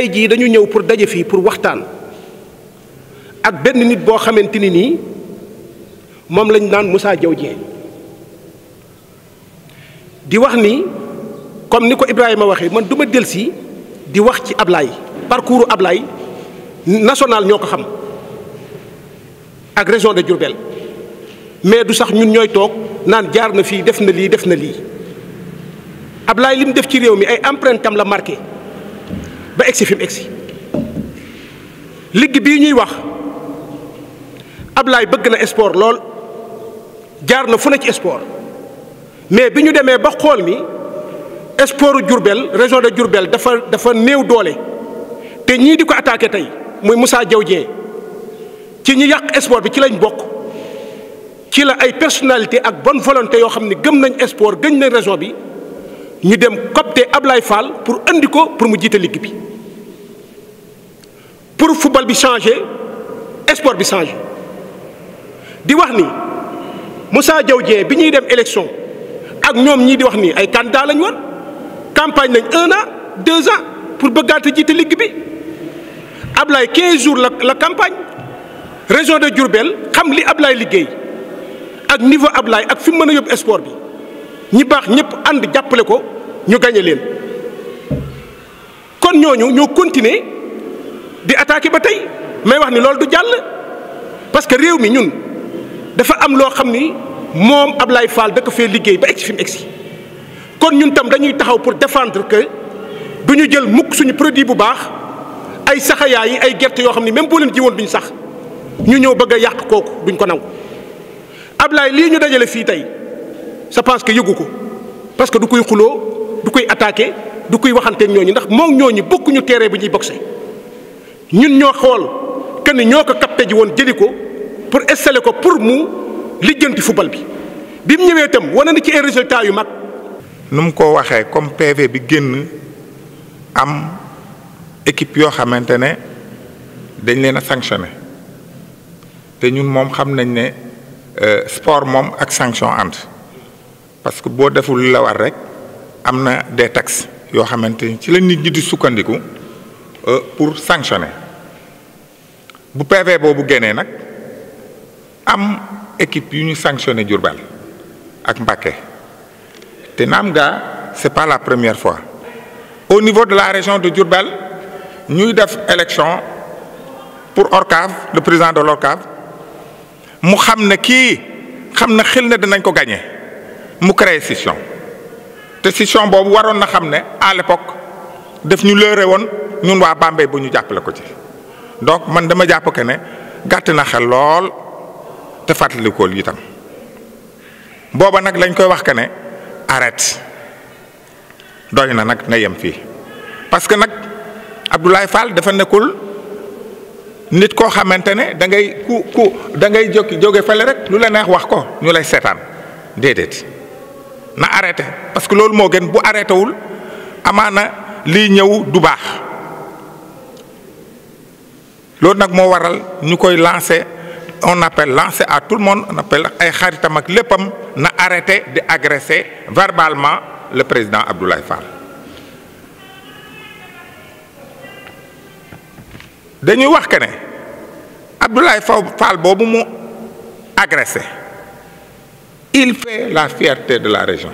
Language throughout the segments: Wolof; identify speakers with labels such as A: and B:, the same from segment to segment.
A: tey jii dañu ñëw pour daje fii pour waxtaan ak benn nit boo xamante ni nii moom lañu naan Moussa Diaw Dieng di wax ni comme ni ko Ibrahima waxee man duma ma delsi di wax ci Ablaye parcours Ablaye national ñoo ko xam ak région de Diourbel mais du sax ñun ñooy toog naan jaar na fii def na lii def na lii Ablaye li mu def ci réew mi ay empreinte am la marqué ba egsi fi mu egsi ligg bii ñuy wax Ablaay bëgg na sport lool jaar na fu ne ci sport mais bi ñu demee ba xool ni sportu Diourbel région de Diourbel dafa dafa néew doole te ñii di ko attaqué tey muy Moussa Diaw Dieng ci ñi yàq sport bi ci lañ bokk ci la ay personnalité ak bonne volonté yoo xam ne gëm nañ sport gëñ nañ région bi ñu dem ab Ablaye Fall pour indi ko pour mu jiite ligue bi. pour football bi changer sport bi changer di wax ni Moussa dem élection ak ñom ñi di wax ni ay candidat lañ campagne nañ an deux ans pour a ligue bi 15 jours la la campagne région de Diourbel xam li Ablaye liggéey ak niveau Ablaye ak fi mëna yob a sport bi ñi bax ñep and ko ñu kon continuer di attaqué ba tey may wax ni loolu du jàll parce que réew mi ñun dafa am loo xam ni moom Ablaye Fall da ko fee liggéey ba egsi fi mu egsi kon ñun tam dañuy taxaw pour défendre que du ñu jël mukk suñu produit bu baax ay saxayaa yi ay gerte yoo xam ni même boo leen ji woon duñ sax ñu ñëw bëgg a yàq kooku duñ ko naw ab Ablaye lii ñu dajale fii tey je pense que yëgu ko parce que du koy xuloo du kuy attaqué du koy waxanteeg ñooñu ndax moom ñooñu bokkuñu terrain bi ñuy boxe ñun ñoo xool que ni ñoo ko capté ji woon jëli ko pour installer ko pour mu lijjanti football bi bi mu
B: ñëwee itam wane na ci ay résultats yu mag. nu mu ko waxee comme PV bi génn am équipe yoo xamante ne dañ leen a sanctionné te ñun moom xam nañ ne euh, sport moom ak sanction ànd parce que boo deful lawar rek am na des taxes yoo xamante ni ci la nit ñi di sukkandiku euh, pour sanctionner. bu PV bobu génnee nak am équipe yu ñu sanctionné Diourbel ak Mbacké té naam c'est pas la première fois au niveau de la région de Diourbel ñuy def élection pour ORCAV le président de l'ORCAV mu xam ki kii xam na dinañ ko gagner mu créé session té session bobu waroon na xamné à l'époque def ñu lëre won ñun wa Bambey bu ñu jappalé ko ci donc man dama jàpp que ne gàtt na xel lool te fàttalikool itam booba nag lañ koy wax que ne arrête doy na nag na yem fii parce que nag Abdoulaye Fall dafa nekkul nit koo xamante ne da ngay ku ku da ngay jóg jóge fale rek lu la neex wax ko ñu lay seetaan déedéet na arrêté parce que loolu moo gën bu arrêté wul amaana lii ñëw du baax. loolu nak mo waral ñukoy lancer on appelle lancer à tout le monde on appelle ay xaritam ak léppam na arrêté de verbalement le président Abdoulaye Fall. dañuy wax que ne Abdoulaye Fall bobu mo agressé il fait
C: la fierté de la région.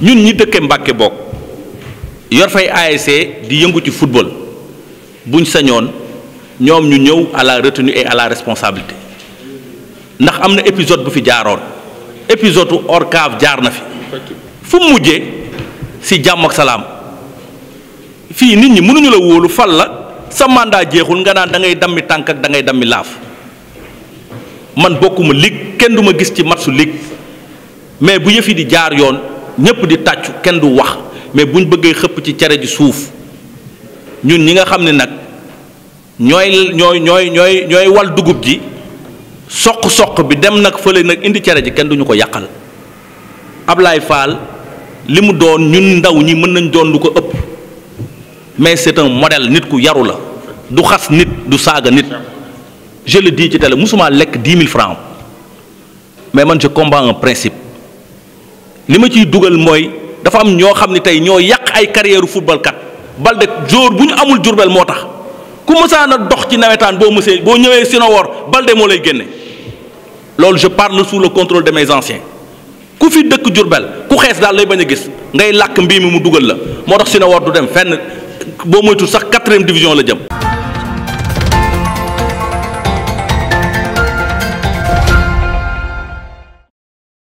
C: ñun ñi dëkke Mbàkke bokk yor fay ASC di yëngu ci football buñ sañoon ñom ñu ñew à la retenue et à la responsabilité ndax amna épisode bu fi jaaroon épisode u cave jaar na fi fu mujjé si jàmm ak salam fi nit ñi mënuñu la wolu fal la sa mandat jeexul nga naan da ngay dammi tank ak da ngay dammi laaf man bokkuma lig kenn du ma gis ci matsu lig mais bu di jaar yoon ñëpp di tàccu kenn du wax mais buñ bëggee xëpp ci cere ji suuf ñun ñi nga xam ne ñooy ñooy ñooy ñooy ñooy wal dugub ji soq-soq bi dem nag fële nag indi cere ji kenn duñu ko yàqal Ablaye Fall li mu doon ñun ndaw ñi mën nañ doon lu ko ëpp mais c'est un modèle nit ku yaru la du xas nit du saaga nit je di ci télé musuma lekk dix mille francs mais man je combats principe li ma ciy dugal mooy dafa am ñoo xam ni tey ñoo yàq ay carrière football kat bal de jour bu ñu amul Jurbel moo tax. ku mësaan a dox ci nawetaan boo mësee boo ñëwee Sinowor Balde mo lay génne je parle sous le contrôle de mes anciens ku fi dëkk Jurbel ku xees daal lay bañ a gis ngay làkk mbii mu dugal la moo sino Sinowor du dem fenn boo moytu sax quatrième division la jëm.